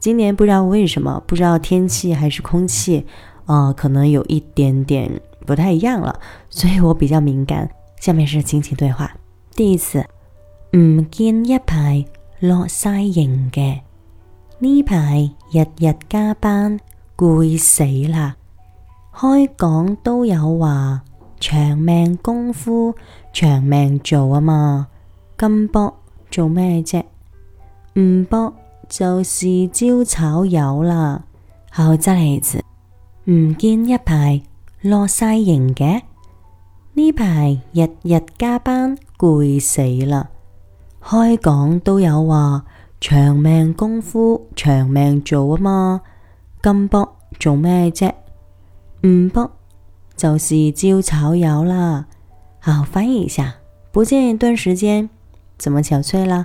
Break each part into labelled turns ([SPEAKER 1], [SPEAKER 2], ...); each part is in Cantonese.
[SPEAKER 1] 今年不知道為什麼，不知道天氣還是空氣，呃，可能有一點點不太一樣了，所以我比較敏感。下面是情景對話：第一次，唔、嗯、見一排落晒形嘅，呢排日日加班，攰死啦！開講都有話長命功夫長命做啊嘛，咁搏做咩啫？唔、嗯、搏。就豉椒炒魷啦。好，真係唔見一排落晒形嘅？呢排日日加班，攰死啦！開講都有話長命功夫長命做啊嘛，咁搏做咩啫？唔搏就豉椒炒魷啦。好，翻譯一下，不見一段時間，怎麼憔悴啦？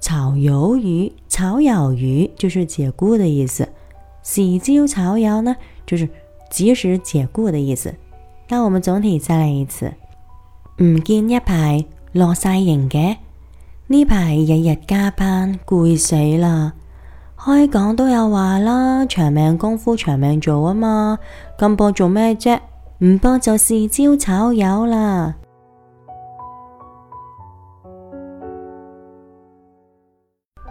[SPEAKER 1] 炒魷魚、炒魷魚就是解雇的意思，豉椒炒魷呢，就是即時解雇的意思。咁我們總體再來一次，唔見一排落晒形嘅，呢排日日加班攰死啦，開講都有話啦，長命功夫長命做啊嘛，咁搏做咩啫？唔搏就豉椒炒魷啦。